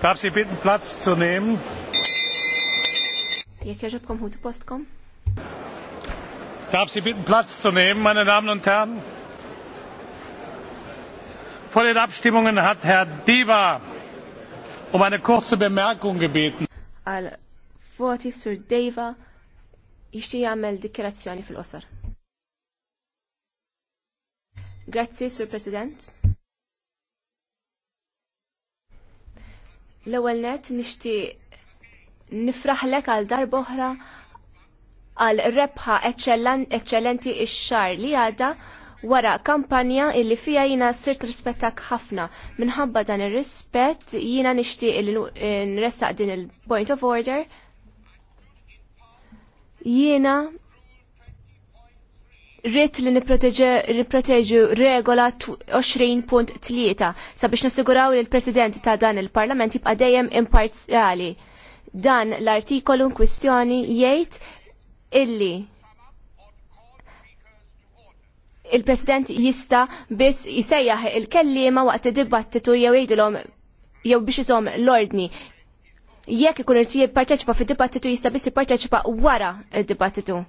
Darf Sie bitten, Platz zu nehmen? Darf Sie bitten, Platz zu nehmen, meine Damen und Herren? Vor den Abstimmungen hat Herr Deva um eine kurze Bemerkung gebeten. Al voti sur Deva jixtieq jagħmel dikjerazzjoni fil für Grazzi, Sur President. L-ewwel net nixtieq lek għal darboħra għal rebħa eċċellenti x xar li għada wara kampanja illi fija jina sirt rispettak ħafna. Minħabba dan ir-rispett jina nixtieq eh, nressaq din il-point of order. Jiena rrit li niproteġu regola 20.3 sabiex nassiguraw li l-President ta' dan il-Parlament jibqa' dejjem imparzjali. Dan l-artikolu kwistjoni jgħid illi il-President jista biss jisejjaħ il-kellima waqt dibattitu jew jgħidilhom jew biex isom l-ordni jekk ikun irid jipparteċipa fid-dibattitu jista' biss jipparteċipa wara d-dibattitu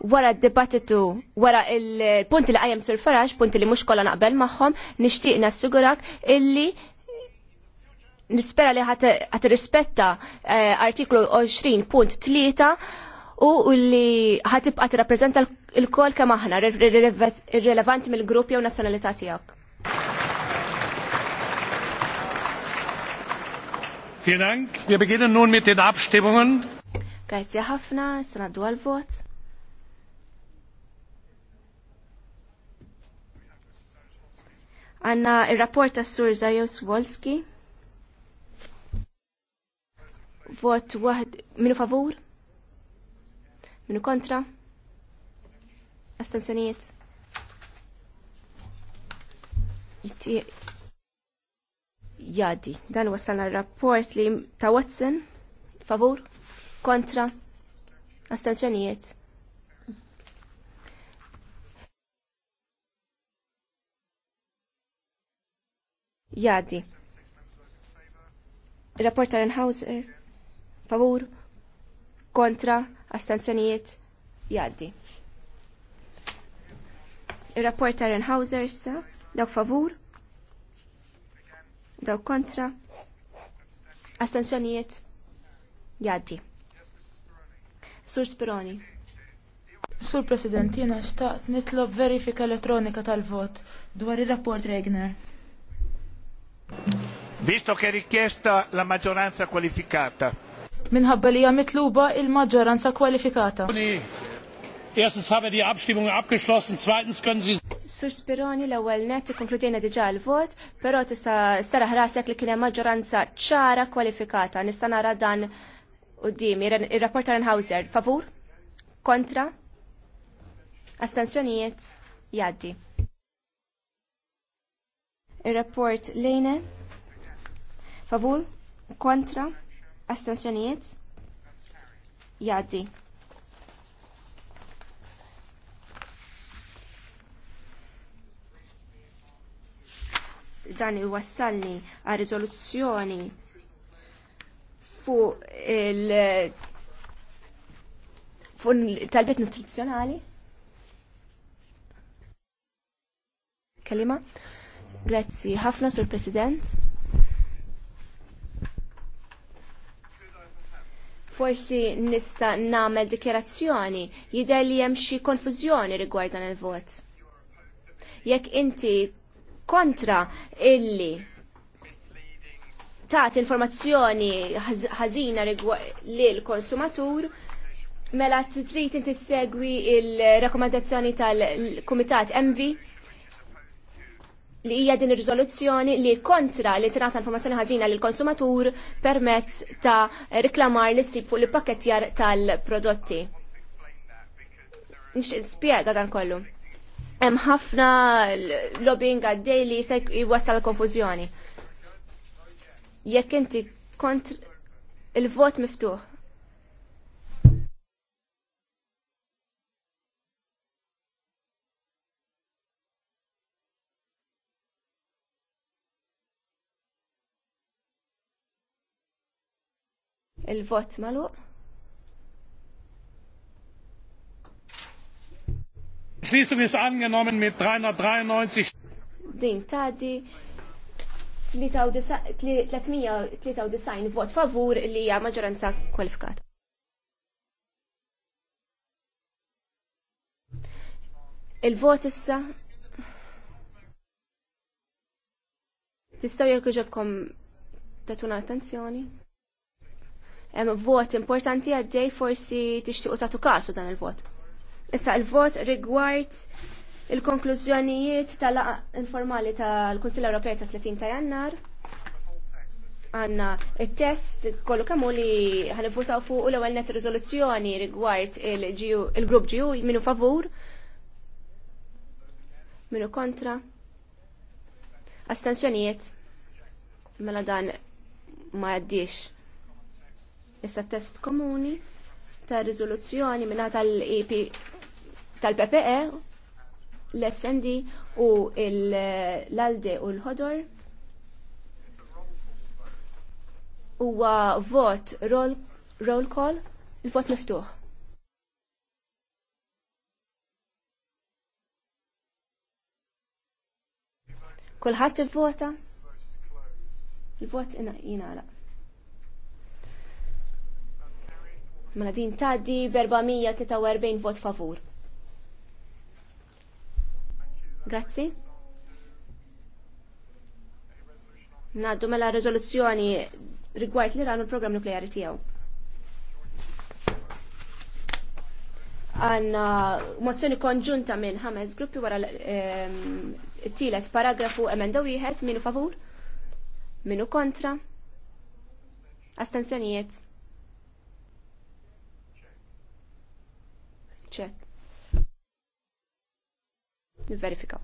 wara d-dibattitu, wara il-punti li għajem sur farax, punti li mux kolla naqbel maħħom, nishtiq nassigurak illi nispera li għat rispetta eh, artiklu 20.3 u li ħatibqa t-rapprezenta l-kol kem aħna, irrelevanti mill-grupp jew nazzjonalità tiegħek. Vielen Dank. Wir beginnen nun mit den Abstimmungen. Grazie ħafna, sanaddu għal-vot. Għanna il-rapport ta' Sur Zarius Wolski. Vot waħed. minu favur? Minu kontra? Astensjonijiet? Jadi, dan wasalna rapport li ta' Watson, favur, kontra, astensjonijiet, Jadi. Rapporter Enhauser, favur, kontra, astenzjonijiet, jaddi. Rapporter Enhauser sa, daw favur, daw kontra, astanzjonijiet, jaddi. Sur Spironi. Sur President, sta' xtaqt nitlob verifika elettronika tal-vot dwar il-rapport Regner. Visto che richiesta la maggioranza qualificata. Minħabba li hija mitluba il-maġġoranza kwalifikata. Erstens haben wir die Abstimmung abgeschlossen, zweitens können Sie... Sur Spironi l-ewwel net ikkonkludejna diġà l-vot, però tista' sara ħrasek li kien hemm maġġoranza ċara kwalifikata. Nista' nara dan quddiem ir-rapport Hauser. Favur? Kontra? Astensjonijiet? Jaddi. Ir-rapport Lejne? favur, kontra, astensjonijiet, jaddi. Dan iwassalni għal riżoluzzjoni fuq il fuq talbiet nutrizzjonali. Kalima, grazzi ħafna sur President. forsi nista nagħmel dikjerazzjoni jidher li hemm xi konfużjoni rigwardan il-vot. Jekk inti kontra illi tat informazzjoni ħażina l konsumatur mela trid inti segwi il-rakkomandazzjoni tal-Kumitat MV li hija din ir-riżoluzzjoni li kontra li tingħata informazzjoni ħażina lil konsumatur permezz ta' riklamar li ssib fuq il pakkettjar tal-prodotti. Nix spjega dan kollu. Hemm ħafna lobbying għaddej li se jwassal konfużjoni. Jekk inti kontra il-vot miftuħ. Il-vot maluq. Schließung ist angenommen mit 393 Din tadi 393 vot favur li hija maġġoranza kwalifikata. Il-vot issa Tistgħu jekk ġobkom tatuna attenzjoni? vot importanti għaddej forsi tixtiqu tagħtu kasu dan il-vot. Issa il-vot rigward il-konklużjonijiet tal-laqa informali tal-Kunsill Ewropej ta' 30 ta' Jannar. Għanna il-test kollu kemmu li votaw fuq u l-ewwel net rizoluzzjoni rigward il-grupp ġiju minu favur, minu kontra, astensjonijiet, mela dan ma jaddix. Issa test komuni ta' riżoluzzjoni minna tal-EP tal-PPE, l-SND u l-ALDE u l-ħodor. Huwa vot roll, roll call, il-vot miftuħ. Kulħadd ivvota? Il-vot jingħalaq. Mela din tgħaddi b'443 vot favur. Grazzi. Naddu mela riżoluzzjoni rigward li ranu l-programm nukleari tiegħu. Għanna mozzjoni konġunta minn ħames gruppi wara ehm, t-tielet paragrafu emenda wieħed minnu favur, minnu kontra, astensjonijiet. ċek. Nivverifika.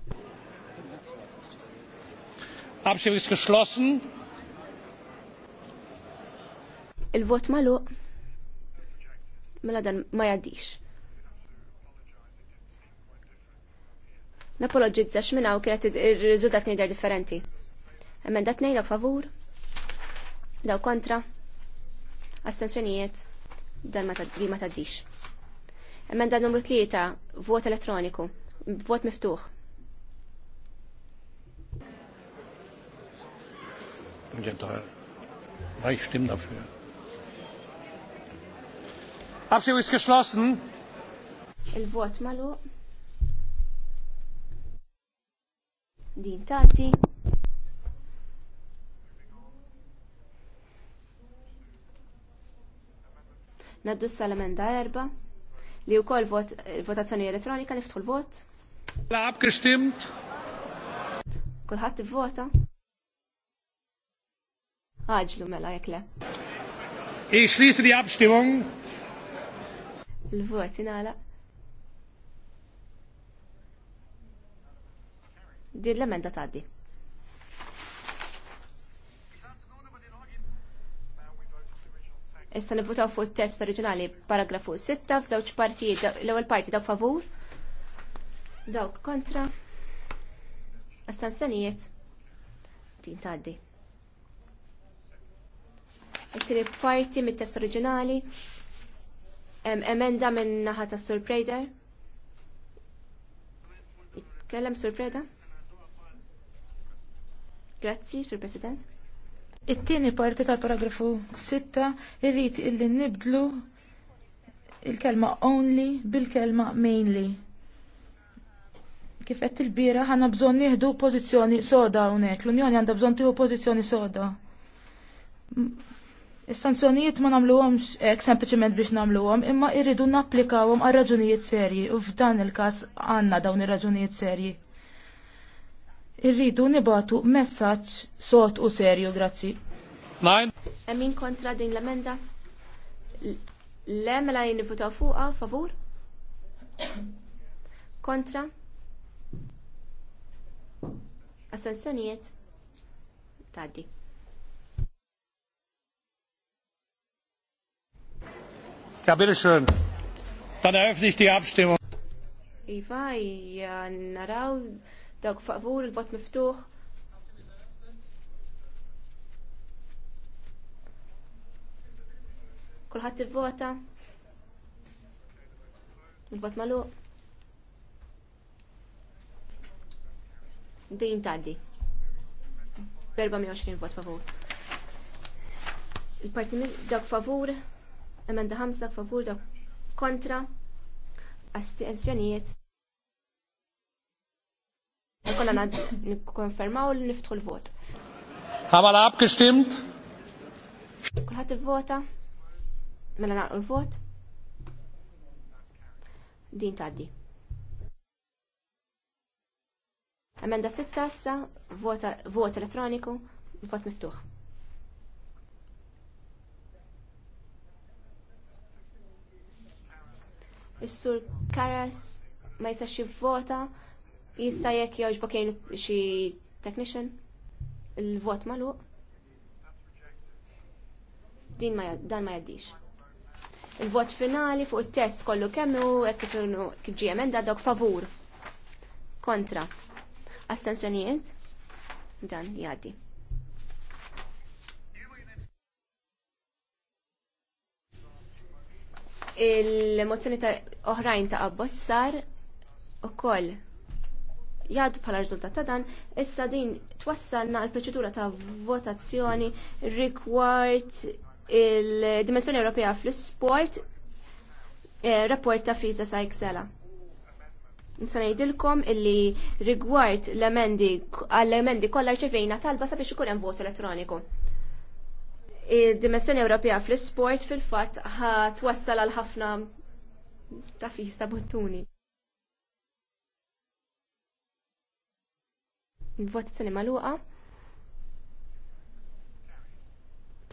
Abstimmung ist geschlossen. Il-vot malu mela dan ma jadix. Napologizza x'mina u kienet ir-riżultat kien jidher differenti. Emenda tnejn dawk favur, dawk kontra, astensjonijiet dan ma tadix. Emenda numru 3, vot elettroniku, vot miftuħ. Reich stimmen dafür. Abstimmung ist geschlossen. Il-vot malu. Din tati. Naddu s-salamenda erba li wkoll vot, votazzjoni elettronika li ftħu l-vot. Laqab gestimt. Kulħadd ivvota. Għaġlu mela jekk le. E ich schließe die Abstimmung. Il-vot ingħalaq. Din l-emenda tgħaddi. Issa nivvutaw fuq it-test oriġinali paragrafu 6 f'żewġ partijiet l-ewwel parti dawk favur. Dawk kontra. Astanzjonijiet. Din tgħaddi. It-tieni parti mit-test oriġinali emenda minn naħa ta' Sur Prejder. Kellem Sur Preda? Grazzi, Sur President. It-tieni parti tal-paragrafu 6 irrid illi nibdlu il-kelma only bil-kelma mainly. Kif qed il-bira ħana bżonn nieħdu pożizzjoni soda hawnhekk, l-Unjoni għandha bżonn tieħu pożizzjoni soda. Is-sanzjonijiet ma nagħmluhomx hekk sempliċement biex nagħmluhom, imma irridu napplikawhom għal raġunijiet serji u f'dan il-każ għandna dawn ir-raġunijiet serji. Irridu nibatu messaċ sot u serju, grazzi. Nein. Emin kontra din l-emenda? Le, jini jinnifuta fuqa, favur? Kontra? Assenzjonijiet? Taddi. Ja, bitteschön. Dann eröffne ich die Abstimmung. Iva, ja, naraw Dawk favur, il-vot miftuħ. Kulħadd ivvota. Il-vot magħluq. Din tgħaddi. 24 vot favur. Il-parti dak favur, emenda ħams dak favur, dak kontra, astenzjonijiet Kolla nikkonfermaw li niftħu l-vot. Għamala abgestimmt? Kulħat il-vota? Mela naqru l-vot? Din taddi. Emenda 6 sa vot elettroniku, vot miftuħ. Is-sur Karas ma jistax jivvota Jista jekk jogħġbok jgħin xi technician il-vot magħluq. Din ma dan ma jaddix. Il-vot finali fuq it-test kollu kemm hu hekk kif ġie emenda dok favur. Kontra. Astensjonijiet? Dan jgħaddi. il-mozzjoni ta' oħrajn ta' abbozzar u koll jad bħala riżultat ta' dan, issa din twassalna għal proċedura ta' votazzjoni rigward il-dimensjoni Ewropea fl-sport eh, rapport ta' Fisa Sajksela. Nisa ngħidilkom illi rigward l-emendi għall-emendi kollha rċevejna talba sabiex ikun hemm vot elettroniku. Id-dimensjoni Ewropea fl-sport fil-fatt ħa twassal għal ħafna ta' fista bottuni. Votazzjoni magħluqa.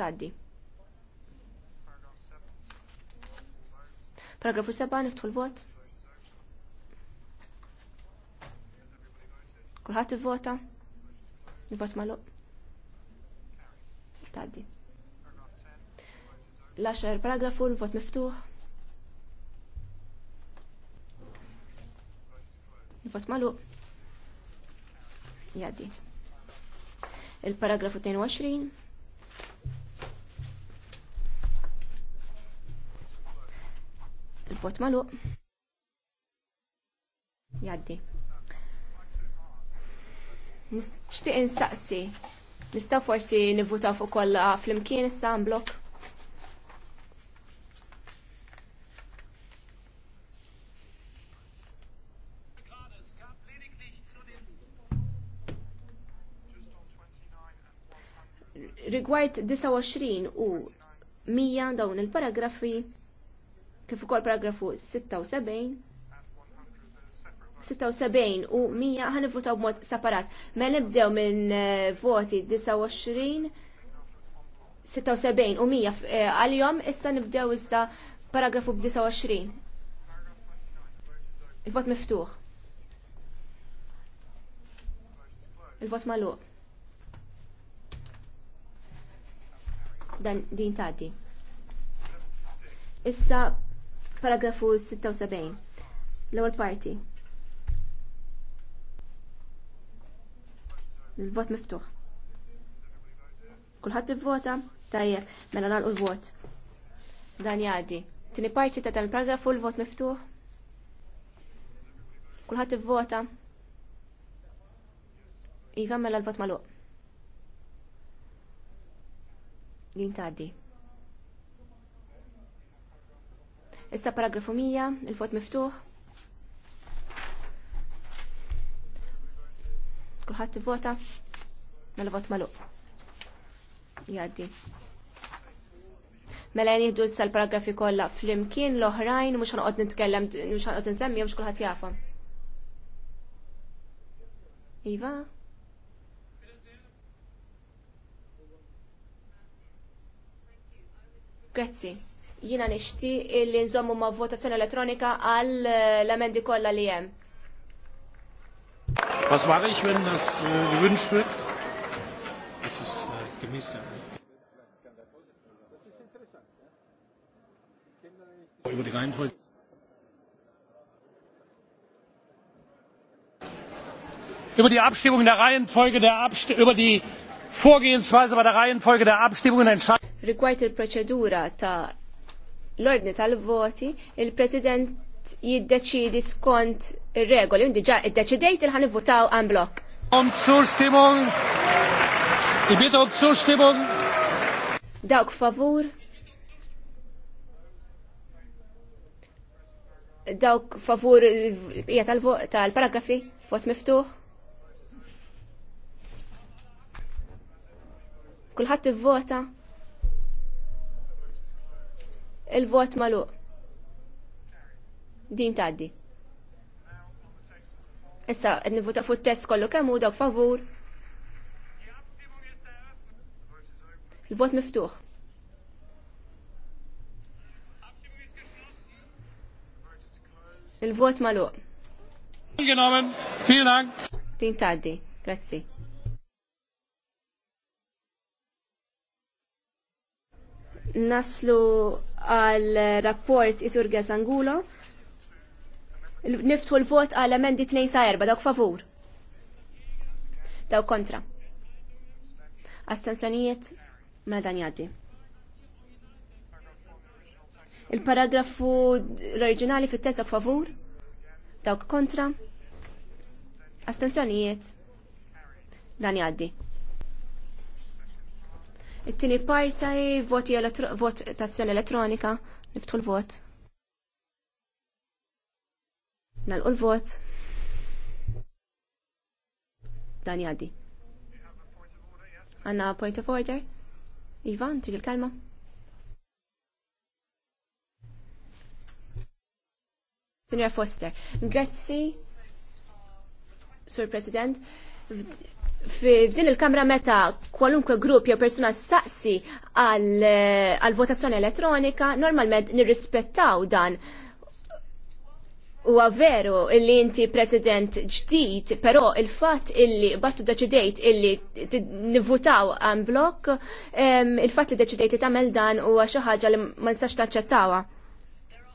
Taddi. Paragrafu 7 niftħu l-vot. Kulħadd ivvota. Il-vot magħluq. Taddi. l għaxar paragrafu l-vot miftuħ. Il-vot magħluq jaddi. Il-paragrafu 22. il bot malu. Jaddi. Nixtieq insaqsi. Nistgħu forsi nivvutaw fuq kollha flimkien issa blok. Rigward 29 u 100 dawn il-paragrafi kif ukoll paragrafu 76 76 u 100 ħan votaw b'mod separat. Ma mela nibdew minn eh, voti 29 76 u 100 eh, għal-jom issa nibdew iżda paragrafu b'29. Il-vot miftuħ. Il-vot maluq. dan din tgħaddi. Issa paragrafu 76. L-ewwel parti. Il-vot miftuħ. Kulħadd ivvota? Tajjeb, mela nagħlqu l-vot. Dan jgħaddi. Tieni parti ta' dan paragrafu l-vot miftuħ. Kulħadd ivvota. Iva mela l-vot magħluq. li tgħaddi. Issa paragrafu 100, il-vot miftuħ. Kulħadd vota Mela vot magħluq. Jgħaddi. Mela jieħdu issa sal paragrafi kollha flimkien l-oħrajn mhux ħanqod nitkellem mhux ħanqod nsemmi mhux kulħadd jafhom. Iva? Grazzi. Jina nishti illi nżommu ma' votazzjoni elettronika għal eh, l-amendi kolla li jem. Was mache ich, wenn das äh, gewünscht wird? Das ist äh, gemäß der Über die Reihenfolge. über die Abstimmung der Reihenfolge der Abst über die Vorgehensweise bei der Reihenfolge der Abstimmung entscheiden. Rigward il-proċedura ta' l-ordni tal-voti, il-President jiddeċidi skont ir-regoli, undi ġa iddeċidejt il-ħan votaw għan blok. Dawk favur. Dawk favur jgħat tal-paragrafi, vot miftuħ. Kulħadd ivvota. vota il-vot maluq. Din taddi. Issa, nivota fuq test kollu kemm u dak favur. Il-vot miftuħ. Il-vot maluq. Ingenomen, vielen Dank. Din taddi, grazzi. Naslu għal rapport Iturga Sangulo. Niftħu l-vot għal emendi 2 sa 4, dawk favur. Dawk kontra. Astenzjonijiet ma mela dan jaddi. Il-paragrafu l-oriġinali fit-test dawk favur. Dawk kontra. Astenzjonijiet dan jaddi. It-tieni parti voti votazzjoni elettronika. Niftħu l-vot. Nalqu l-vot. Dan jgħaddi. Għanna point of order. Ivan, trid l kalma Signor Foster, grazzi, Sur President, f'din il-kamra meta kwalunkwe grupp jew persuna saqsi għal votazzjoni elettronika, normalment nirrispettaw dan. U veru illi inti president ġdid, però il-fatt illi battu deċidejt illi nivvutaw għan blok, il-fatt li deċidejt li tamel dan u xi ħaġa li ma nistax taċċettawha.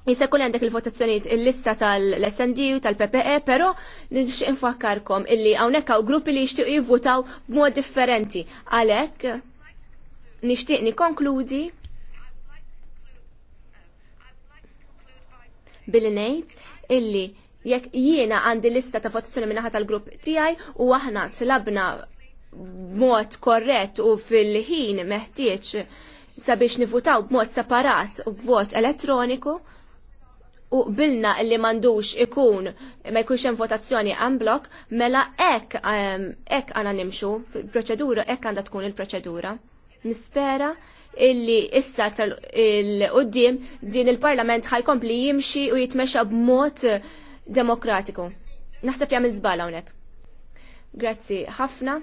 Jisa kulli għandek il-votazzjoniet il-lista tal-SND u tal-PPE, pero nix infakkarkom illi għawnekka u gruppi li jishtiq jivvutaw b'mod differenti. Għalek, nishtiq nikonkludi billi nejt illi jekk jiena għandi lista ta' votazzjoni minnaħat tal-grupp tijaj u aħna slabna b'mod korrett u fil-ħin meħtieċ sabiex nivutaw b'mod separat u b'vot elettroniku, u bilna li mandux ikun ma jkunx hemm votazzjoni en blok, mela hekk ehm, hekk għana nimxu, proċedura hekk għandha tkun il-proċedura. Nispera illi issa aktar il-qoddim din il-Parlament ħajkompli jimxi u jitmexxa b'mod demokratiku. Naħseb jagħmel żbala hawnhekk. Grazzi ħafna.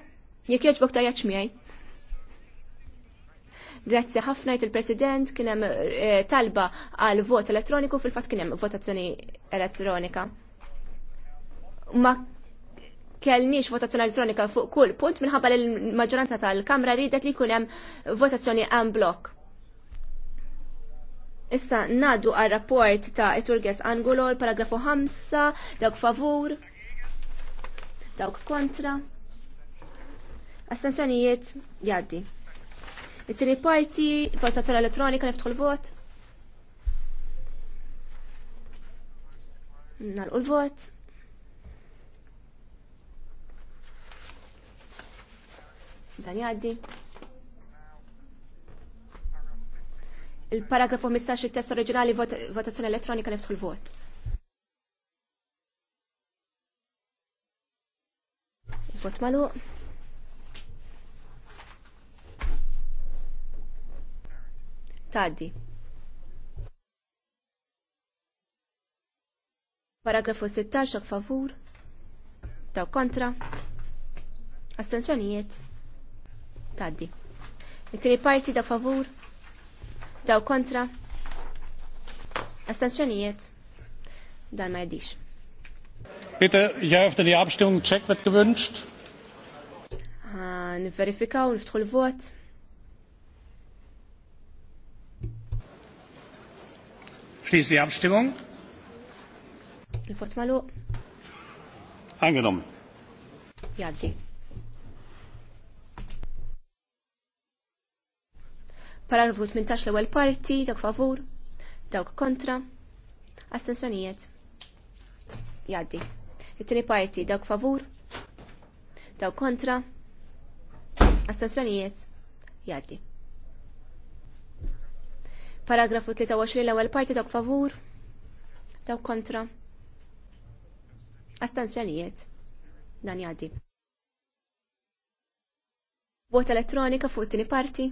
Jekk jogħġbok tajjaġ miegħi. Grazzi ħafna jt il-President kien hemm eh, talba għal vot elettroniku fil-fatt kien hemm votazzjoni elettronika. Ma kellniex votazzjoni elettronika fuq kull punt minħabba li l-maġġoranza tal-Kamra ridet li jkun hemm votazzjoni en blok. Issa nadu għal rapport ta' Iturges Angulo, paragrafu 5, dawk favur, dawk kontra. Astensjonijiet jaddi. It-tieni parti, votazzjoni elettronika niftħu l-vot. Nalqu l-vot. Dan jgħaddi. il-paragrafu 15 il-test oriġinali votazzjoni elettronika niftħu l-vot. Vot malu. tgħaddi. Paragrafu 16 favur taw kontra astenzjonijiet tgħaddi. It-tieni parti ta' favur taw kontra astenzjonijiet dan ma jedix. Bitte, ich eröffne die Abstimmung. Check wird gewünscht. Ah, Nifverifikaw, niftħu l-vot. Schließe die Abstimmung. Il-vot malu. Angenommen. Jaddi. Paragrafu 18 l-ewwel parti, dawk favur, dawk kontra, astensjonijiet. Jaddi. It-tieni parti, dawk favur, dawk kontra, astensjonijiet. Jaddi. Paragrafu 23 l-ewwel parti tok favur, tok kontra. Astenzjonijiet. Dan jgħaddi. Vot elettronika fuq it-tieni parti.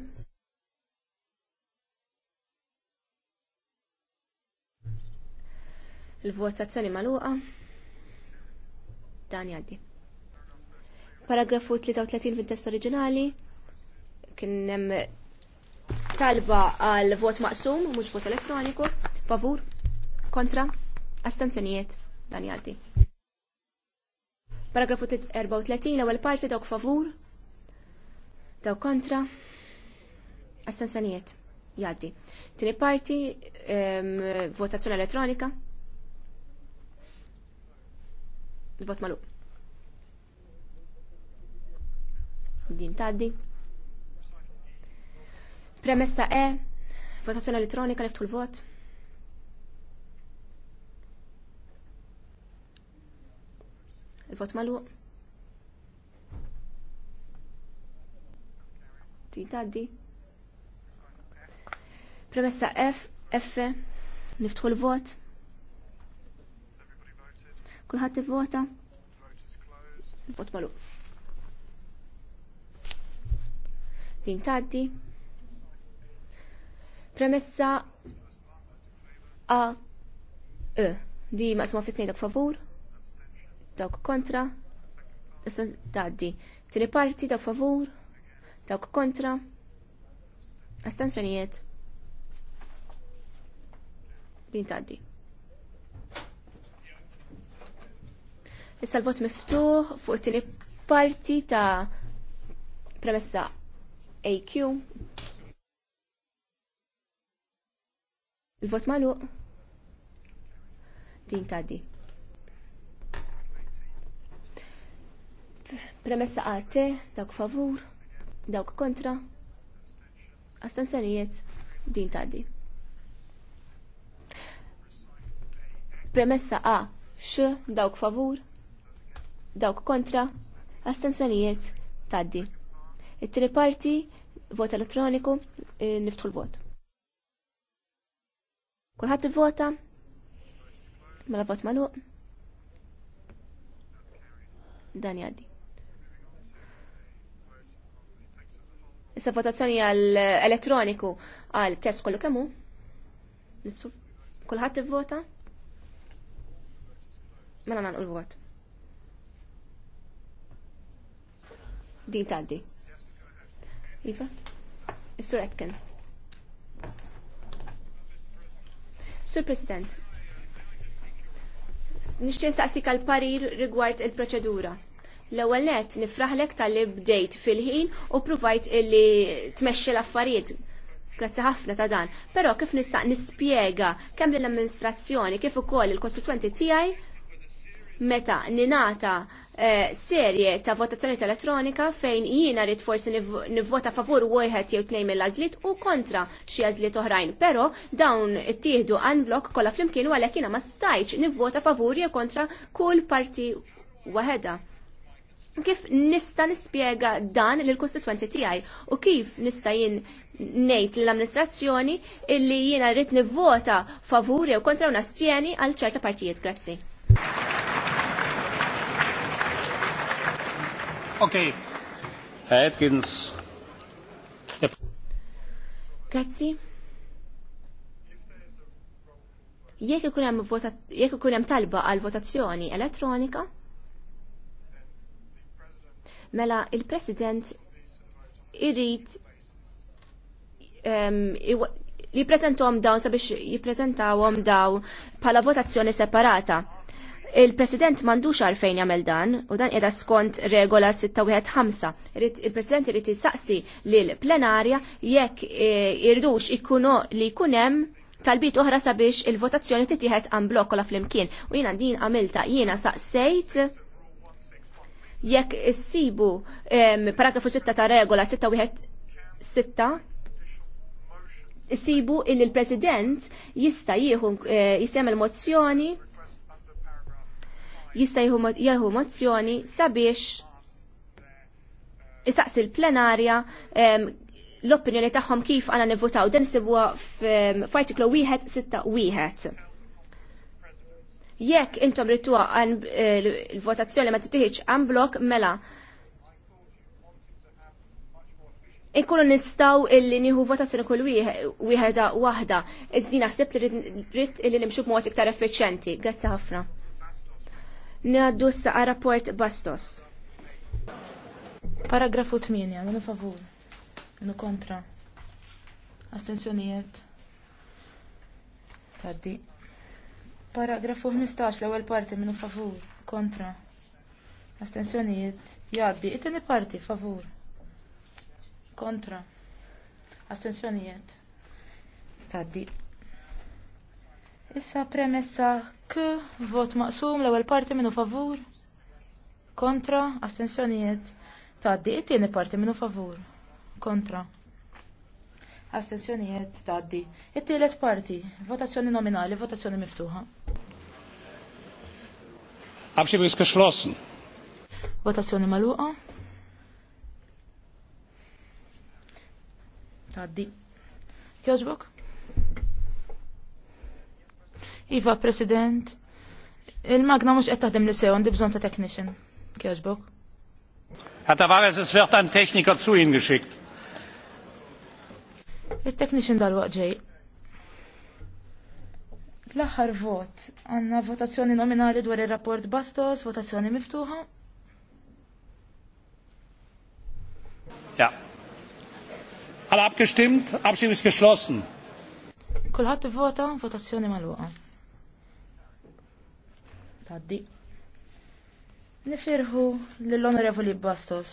Il-votazzjoni magħluqa. Dan jgħaddi. Paragrafu 33 fil-test oriġinali kien hemm talba għal vot maqsum, mhux vot elettroniku, favur, kontra, astenzjonijiet, dan jgħaddi. Paragrafu 34, l ewel parti dawk favur, dawk kontra, astenzjonijiet, jgħaddi. Tini parti, votazzjoni elettronika, vot malu. Din tgħaddi. Premessa E, votazzjoni elettronika li l-vot. Il-vot malu. Tidaddi. Premessa F, F, niftħu l-vot. Kulħadd vota Il-vot malu. Din taddi. Premessa A E di maqsuma fit-tnejn dak favur, dak kontra, tgħaddi. Tieni parti dak favur, dak kontra, astanzjoniet Din tgħaddi. Issa l-vot miftuħ fuq it-tieni parti ta' premessa AQ Il-vot magħluq. Din tgħaddi. Premessa għate, dawk favur, dawk kontra, astensjonijiet, din tgħaddi. Premessa A, x, dawk favur, dawk kontra, astensjonijiet, tgħaddi. It-tri parti, vot elettroniku, eh, niftħu l-vot. Kulħadd vota? Mela vot magħluq. Dan jgħaddi. Issa votazzjoni għal elettroniku għal test kollu kemmu. Nifsu. Kulħadd vota? Mela nagħlqu l-vot. Din tgħaddi. Iva? Is-Sur Atkins. Sur President, nixtieq saqsik għal parir rigward il-proċedura. L-ewwel nett nifraħlek tal-li bdejt fil-ħin u provajt illi tmexxi l-affarijiet Grazzi ħafna ta' dan. Però kif nista' nispjega kemm l-amministrazzjoni kif ukoll il-kostituenti tiegħi meta ninata eh, serje ta' votazzjoni elettronika fejn jiena rrid forsi nivvota favur wieħed jew tnejn mill-għażliet u kontra xi għażliet oħrajn, però dawn ittieħdu unblock kollha flimkien u għalhekk jiena ma stajtx nivvota favur jew kontra kull parti waħedha. Kif nista' nispjega dan lill-kostitwenti tiegħi u kif nista' jien ngħid l-amministrazzjoni illi jiena rrid nivvota favur jew kontra u nastjeni għal ċerta partijiet. Grazzi. Okay. Herr Atkins. Grazzi. Jekk ikun hemm jekk ikun hemm talba għal votazzjoni elettronika, mela il-President irrid ehm, jippreżentahom dawn sabiex jippreżentawhom dawn bħala votazzjoni separata. Il-President mandux għalfejn jagħmel dan u dan qiegħda skont regola 615. Il-President irid jissaqsi lil plenarja jekk e, irdux ikunu li jkun hemm talbit oħra sabiex il-votazzjoni titieħed għan blokkola flimkien. U jiena din għamilta jiena saqsejt jekk issibu paragrafu 6 ta' regola 6 issibu il-President jista' jieħu e, il mozzjoni jista' jieħu mozzjoni sabiex isaqsi l-plenarja l-opinjoni tagħhom kif għana nivvotaw dan sibuha f'artiklu wieħed sitta wieħed. Jekk intom għan eh, l-votazzjoni ma titieħiġ għan blok mela Ikkunu nistaw illi nieħu votazzjoni kull wieħed waħda. Iżdi naħseb li rrid illi nimxu b'mod iktar effiċjenti. Grazzi ħafna. Ngħaddu s-saqa rapport Bastos. Paragrafu 8, minu favur, minu kontra. Astenzjonijiet. Taddi. Paragrafu 15, l-ewwel parti minu favur, kontra. Astenzjonijiet. Jaddi, it-tieni parti favur. Kontra. Astenzjonijiet. Taddi. Issa premessa k vot maqsum l-ewwel parti minnu favur. Kontra, astensjonijiet. Taddi, it-tieni parti minnu favur. Kontra. Astensjonijiet tgħaddi. It-tielet parti, votazzjoni nominali, votazzjoni miftuħa. Abstimmung ist geschlossen. Votazzjoni magħluqa. Taddi. Jogħġbok? Iva, President, il-magna mux qed taħdem li sew, għandi bżon ta' technician. Kjoġbok. Herr Tavares, es wird ein Techniker zu Ihnen geschickt. Il-technician dal-waqt ġej. L-aħħar vot, għanna votazzjoni nominali dwar il-rapport Bastos, votazzjoni miftuħa. Ja. Alla abgestimmt, Abstimmung ist geschlossen. Kulħat vota, votazzjoni mal-waqa. Taddi. Nifirħu l-Onorevoli Bastos.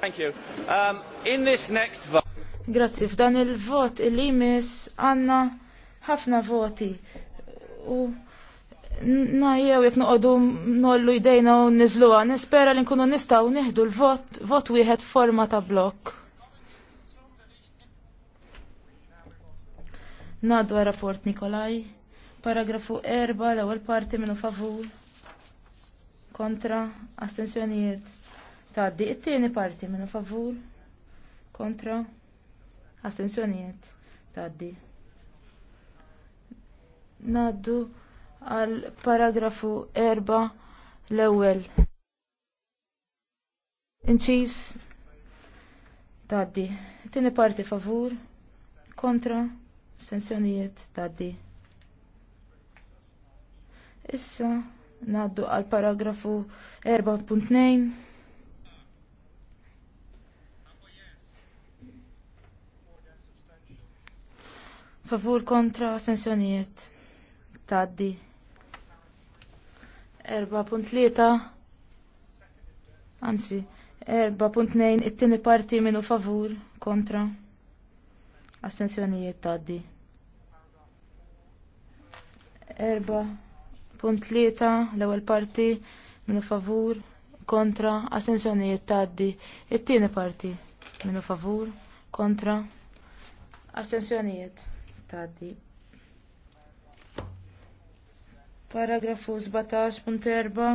Thank you. Um, in this next vote... Grazzi, f'dan il-vot il jmiss għanna ħafna voti. U najjew jek nuqodu nollu idejna u għan, nispera li nkunu nistaw nieħdu l-vot, vot wieħed forma ta' blok. Nadwa rapport Nikolaj. Paragrafu 4, l-ewwel parti minnu favur kontra astensjonijiet di It-tieni parti minnu favur kontra astensjonijiet di. Naddu għal paragrafu 4 l-ewwel. Inċis taddi. Tieni parti favur kontra astensjonijiet taddi. Issa naddu għal paragrafu 4.2. Favur kontra sensjonijiet. Taddi. 4.3. Anzi, 4.2 it-tieni parti minnu favur kontra. Assenzjonijiet taddi. 4. Punt tlieta l-ewwel parti minu favur kontra astensjonijiet tgħaddi. It-tieni parti minu favur kontra astensjonijiet tgħaddi. Paragrafu 17.4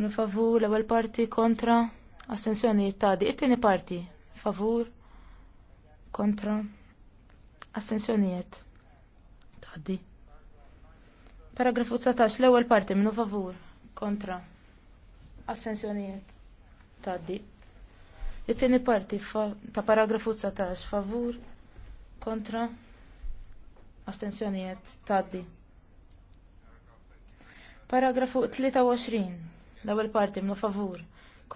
minu favur l-ewwel parti kontra astensjonijiet tgħaddi. It-tieni parti favur kontra astensjonijiet tgħaddi. Paragrafu 19 l-ewwel parti minnu favur kontra assenzjonijiet taddi. It-tieni parti ta' paragrafu 19 favur kontra astensjonijiet taddi. Paragrafu 23 l-ewwel parti minnu favur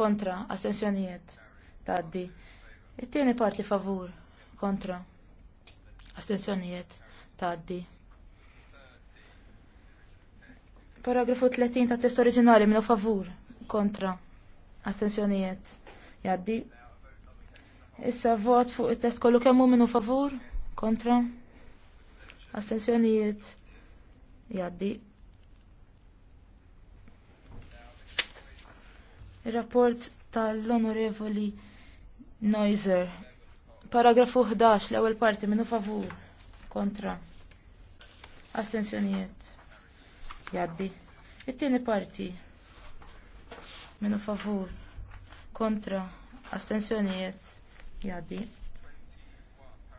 kontra astensjonijiet taddi. It-tieni parti favur kontra astensjonijiet taddi. Paragrafu 30 ta' test oriġinali minn favur kontra astensjonijiet jaddi. Issa vot fuq it-test kollu kemmu minn favur kontra astensjonijiet jaddi. Il-rapport tal-onorevoli Noiser. Paragrafu 11 l-ewwel parti minn favur kontra astensjonijiet Jaddi. It-tieni parti. Minu favur. Kontra. Astensjonijiet. Jaddi.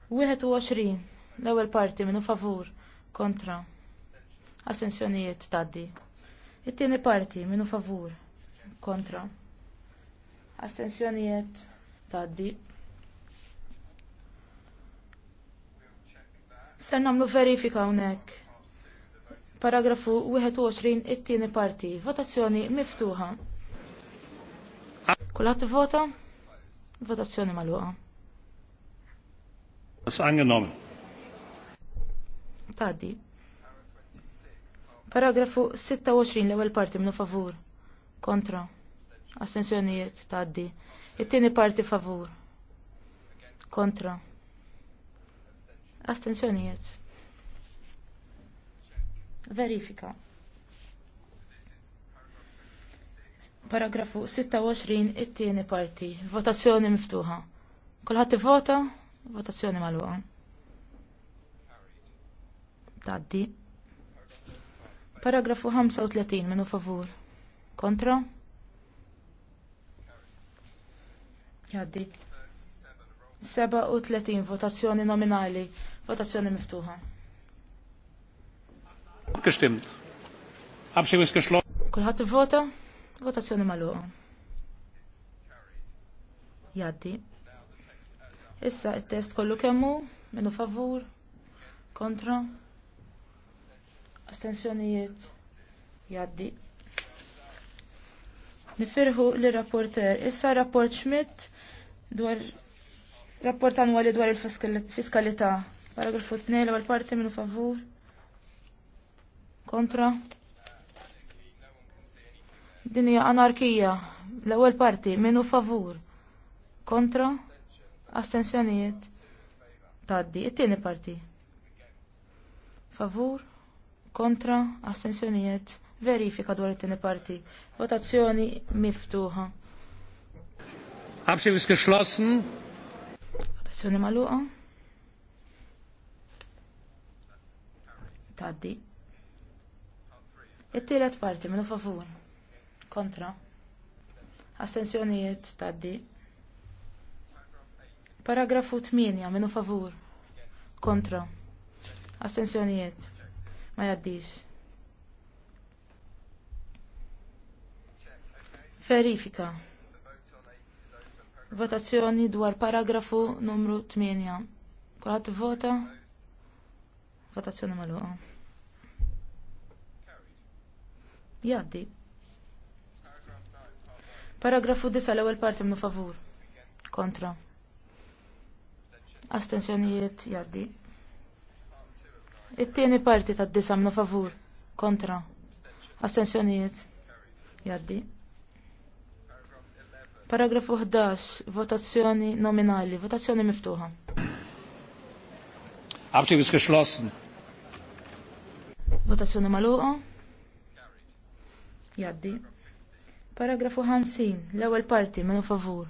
21. L-ewwel parti minu favur. Kontra. Astensjonijiet taddi. It-tieni parti minu favur. Kontra. Astensjonijiet taddi. Ser namlu verifika hawnhekk. Paragrafu 21 it-tieni parti. Votazzjoni miftuħa. Kulħadd vota? Votazzjoni magħluqa. Das Taddi. Paragrafu 26 l-ewwel parti minnu favur. Kontra. Astensjonijiet taddi. It-tieni parti favur. Kontra. Astensjonijiet verifika. Paragrafu 26 it-tieni parti. Votazzjoni miftuħa. Kulħadd vota, votazzjoni magħluqa. Taddi. Paragrafu 35 minu favur. Kontra? Jaddi. 37 votazzjoni nominali. Votazzjoni miftuħa. Gestimmt. Abstimmung ist geschlossen. Kulħadd ivvota? Votazzjoni magħluqa. Jaddi. Issa it-test kollu kemmu minnu favur kontra astensjonijiet jaddi. Nifirħu li rapporter. Issa rapport Schmidt dwar rapport annwali dwar il-fiskalità. Paragrafu 2 l-ewwel parti minnu favur kontra. Din hija anarkija. L-ewwel parti minu favur kontra astensjonijiet taddi. It-tieni parti. Favur kontra astensjonijiet verifika dwar it-tieni parti. Votazzjoni miftuħa. Abstimmung ist geschlossen. Votazzjoni magħluqa. Taddi. It-tielet parti minnu favur. Kontra. Astensjonijiet taddi. Paragrafu 8 minnu favur. Kontra. Astensjonijiet. Ma jaddix. Verifika. Votazzjoni dwar paragrafu numru 8. Kulħadd vota? Votazzjoni magħluqa. Jaddi. Paragrafu disa l-ewwel parti ma favur. Kontra. Astenzjonijiet jaddi. It-tieni parti tad disa minn favur. Kontra. Astenzjonijiet. jaddi. Paragrafu 11, votazzjoni nominali, votazzjoni miftuħa. Abstimmung ist geschlossen. Votazzjoni maluqa. Jaddi. Paragrafu 50, l-ewwel parti minu favur.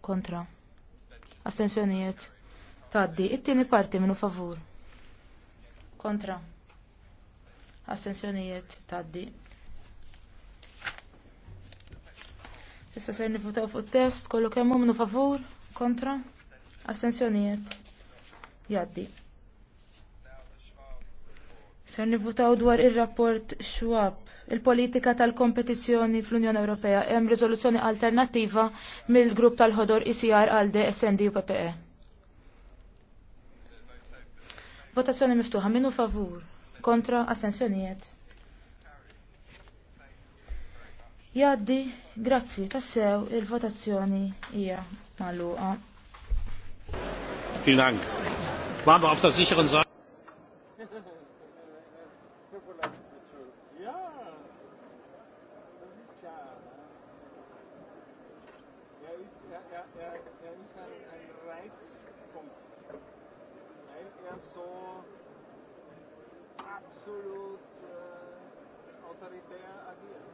Kontra. Astensjonijiet. Taddi, it-tieni parti minu favur. Kontra. Astensjonijiet. Taddi. Issa ser nifutaw fuq test, kollu kemm minu favur, kontra, astensjonijiet. Jaddi. Ser nivutaw dwar ir-rapport Schwab, il-politika tal-kompetizzjoni fl-Unjoni Ewropea hemm riżoluzzjoni alternattiva mill-grupp tal-ħodor ICR e għalde SND u PPE. Votazzjoni miftuħa minnu favur, kontra astensjonijiet. Jaddi, grazzi, tassew il-votazzjoni hija magħluqa. Vielen Dank. Waren wir auf der sicheren Seite? absolut äh, autoritär agiert.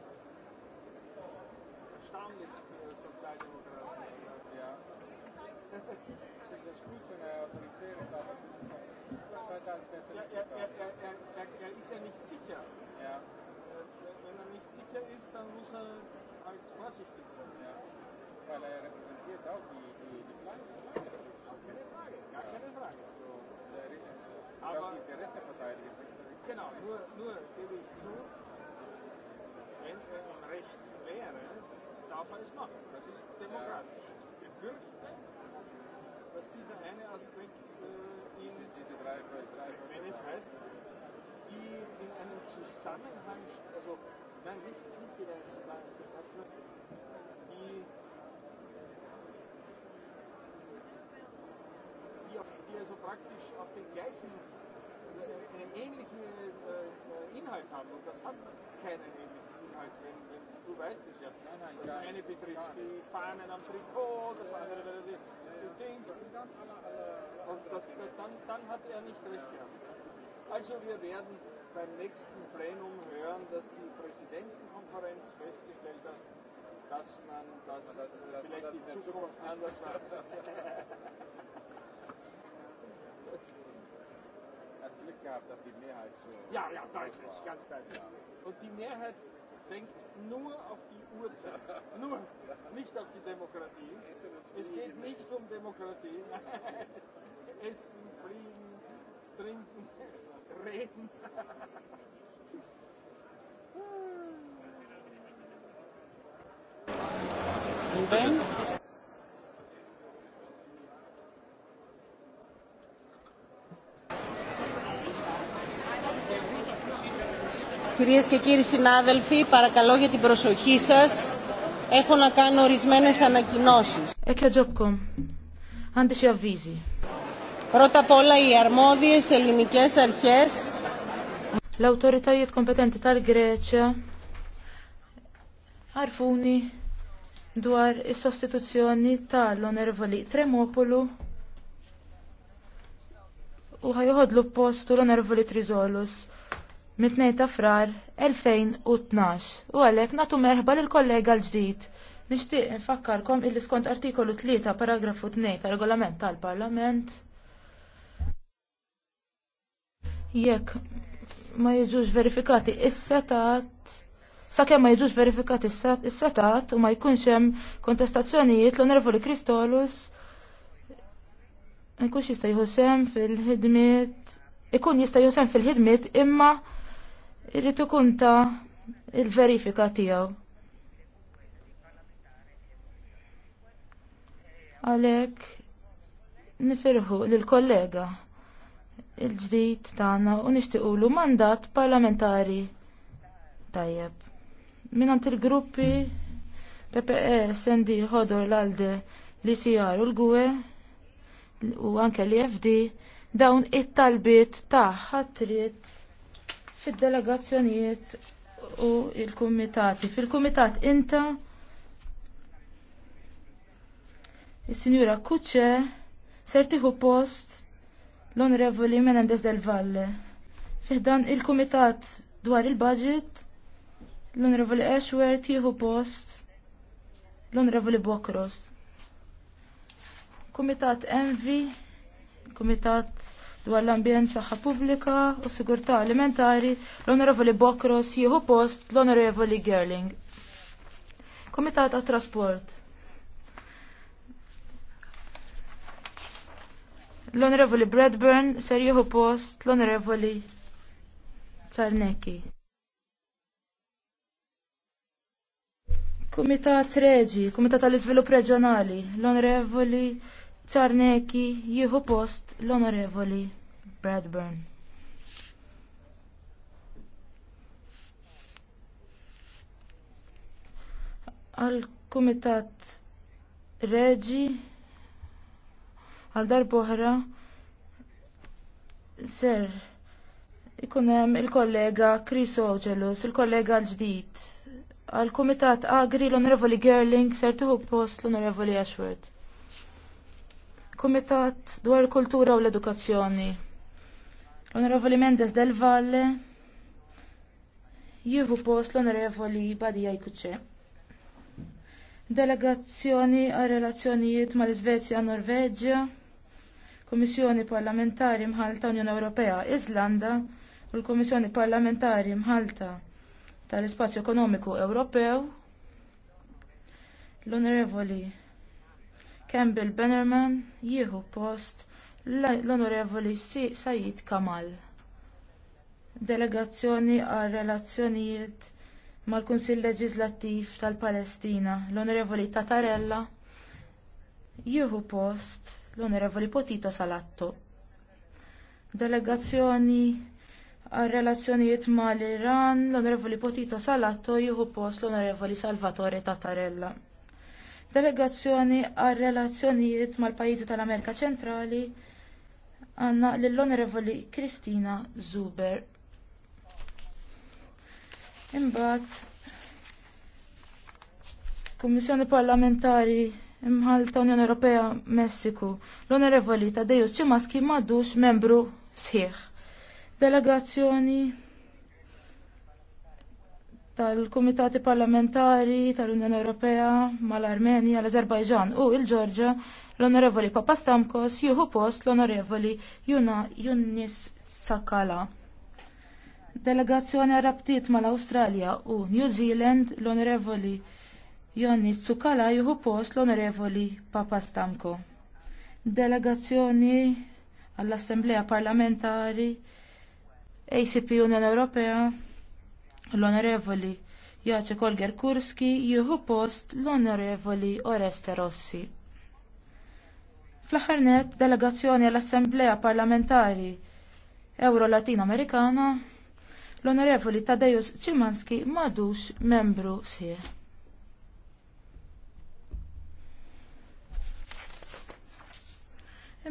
Erstaunlich für Sozialdemokraten. Ja. das gut, wenn er autoritär ist, aber das hat besser. Er, er, er, er, ist ja nicht sicher. Ja. Äh, wenn er nicht sicher ist, dann muss er halt vorsichtig sein. Ja. Weil er repräsentiert auch die, die, die Flagge. Keine Frage, gar keine Frage. So, der, aber, auch Interesse verteidigen. Genau, nur, nur gebe ich zu, wenn er im Recht wäre, darf er es machen. Das ist demokratisch. Ich befürchte, dass dieser eine Aspekt äh, in, diese drei, drei, wenn es heißt, die in einem Zusammenhang, also nein, nicht, nicht wieder im Zusammenhang, die, die, auf, die also praktisch auf den gleichen einen ähnlichen äh, Inhalt haben. Und das hat keinen ähnlichen Inhalt, du weißt es ja. eine Fahnen am Trikot, das andere dann, hat er nicht recht gehabt. Also wir werden beim nächsten Plenum hören, dass die Präsidentenkonferenz festgestellt hat, dass man das, das, äh, das vielleicht das in Zukunft anders macht. Glück gehabt, die Mehrheit Ja, ja, deutlich, ganz deutlich. Und die Mehrheit denkt nur auf die Uhrzeit, nur, nicht auf die Demokratie. Es geht nicht um Demokratie. Essen, Frieden, Trinken, Reden. Ben? Κυρίες και κύριοι συνάδελφοι, παρακαλώ για την προσοχή σας. Έχω να κάνω ορισμένες ανακοινώσεις. Έχει Εκιατζόπκομ, άντε σε αβίζει. Πρώτα απ' όλα οι αρμόδιες ελληνικές αρχές. L-autoritajiet kompetenti tal-Greċja għarfuni dwar is-sostituzzjoni tal-Onervoli Tremopolu u ħajħodlu postu l-Onervoli Trizolus mit-2 ta' frar 2012 u għalhekk nagħtu merħba lill kollega l-ġdid. Nixtieq infakkarkom illi skont artikolu 3 paragrafu 2 ta' regolament tal-Parlament jekk ma jiġux verifikati is-setat sakemm ma jiġux verifikati is-setat u ma jkunx hemm kontestazzjonijiet l-Onorevoli Kristolus jkunx jista' jħossem fil-ħidmiet ikun jista' jusem fil-ħidmiet imma irrid ikun ta' il-verifika tiegħu. Għalhekk nifirħu lill kollega il-ġdid tagħna u nixtiequlu mandat parlamentari tajjeb. Minant il-gruppi PPE, SND, ħodor l-Alde, l-ICR u l-GUE u anke l ifd dawn it-talbiet ta' trid fid-delegazzjonijiet u il-kumitati. Fil-kumitat inta il-Sinjura Kuċe sertiħu post l-Onorevoli Menendez del Valle. Fiħdan il-Kumitat dwar il-Budget l onrevoli Ashworth jieħu post l onrevoli Bokros. Kumitat Envi, Kumitat dwar l-ambjent saħħa pubblika u sigurtà alimentari l-Onorevoli Bokros jieħu post l-Onorevoli Gerling. Komitat għat trasport. L-Onorevoli Bradburn ser jieħu post l-Onorevoli Czarnecki. Komitat Reġi, Komitat tal iżvilupp Reġjonali, l-Onorevoli Czarnecki jieħu post l-Onorevoli Bradburn. għal kumitat reġi għal darboħra ser ikun hemm il-kollega Chris Ogelus, il-kollega l-ġdid. Għal kumitat agri l-Onorevoli Gerling ser tuħu post l-Onorevoli Ashworth. Kumitat dwar il-kultura u l-edukazzjoni. Onorevoli Mendes del Valle, jivu post l-onorevoli Badija Ikuċe. Delegazzjoni a relazzjonijiet mal iżvezja Norveġġja, Komissjoni Parlamentari Mħalta Unjoni Ewropea Iżlanda u l-Komissjoni Parlamentari Mħalta tal-Ispazju Ekonomiku Ewropew l-Onorevoli Campbell Bannerman jieħu post l-Onorevoli Sajid Kamal. Delegazzjoni għal relazzjonijiet mal-Kunsill Leġislattiv tal-Palestina, l-Onorevoli Tatarella, jieħu post l-Onorevoli Potito Salatto. Delegazzjoni għal relazzjonijiet mal-Iran, l-Onorevoli Potito Salatto jieħu post l-Onorevoli Salvatore Tatarella. Delegazzjoni għal relazzjonijiet mal-pajjiżi tal-Amerika Ċentrali għanna l-Onorevoli Kristina Zuber. Imbagħad Kummissjoni Parlamentari imħalta Unjoni Ewropea Messiku. L-Onorevoli Tadejus Ċimaski m'għadux membru sħiħ. Delegazzjoni tal-Kumitati Parlamentari tal-Unjoni Ewropea mal-Armenja, l-Azerbajġan u il-Ġorġa l-Onorevoli Papastamkos juhu post l-Onorevoli Juna Junnis Sakala. Delegazzjoni rabtiet mal awstralja u New Zealand l-Onorevoli Jonis Tsukala juhu post l-Onorevoli Papastamko. Delegazzjoni għall-Assemblea Parlamentari ACP Unjoni Ewropea l-Onorevoli Jacek Kolger Kurski jieħu post l-Onorevoli Oreste Rossi. Fl-aħħar nett delegazzjoni għall-Assemblea Parlamentari Euro-Latin Amerikana l-Onorevoli Tadeusz Cimanski madux membru sħiħ.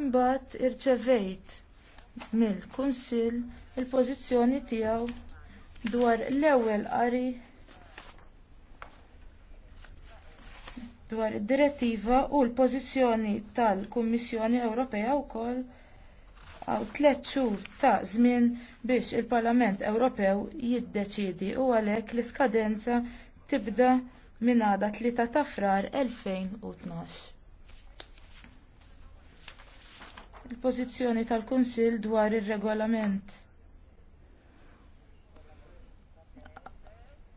Imbagħad irċevejt mill-Kunsill il-pożizzjoni tiegħu dwar l-ewwel qari dwar id-direttiva u l-pożizzjoni tal-Kummissjoni Ewropea wkoll għaw tliet xhur ta' żmien biex il-Parlament Ewropew jiddeċiedi u għalhekk l-iskadenza tibda minn għada 3 ta' frar 2012. Il-pożizzjoni tal-Kunsill dwar ir-regolament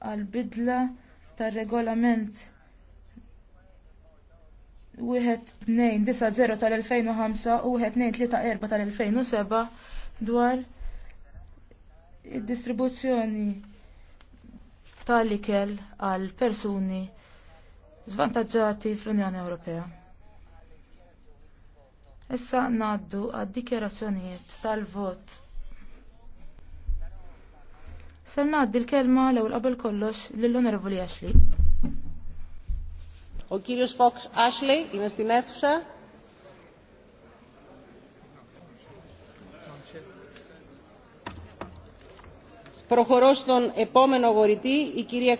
għall bidla tar regolament 1290 tal-2005 u 1234 tal-2007 dwar id-distribuzzjoni tal-ikel għal persuni zvantaġġati fl-Unjoni Ewropea. Issa ngħaddu għad dikjerazzjonijiet tal-vot Sal ngħaddi l-kelma l-ewwel qabel kollox lill-Onorevoli Ashley. Ο κύριος Fox Ashley είναι στην αίθουσα. Προχωρώ στον επόμενο αγορητή, η κυρία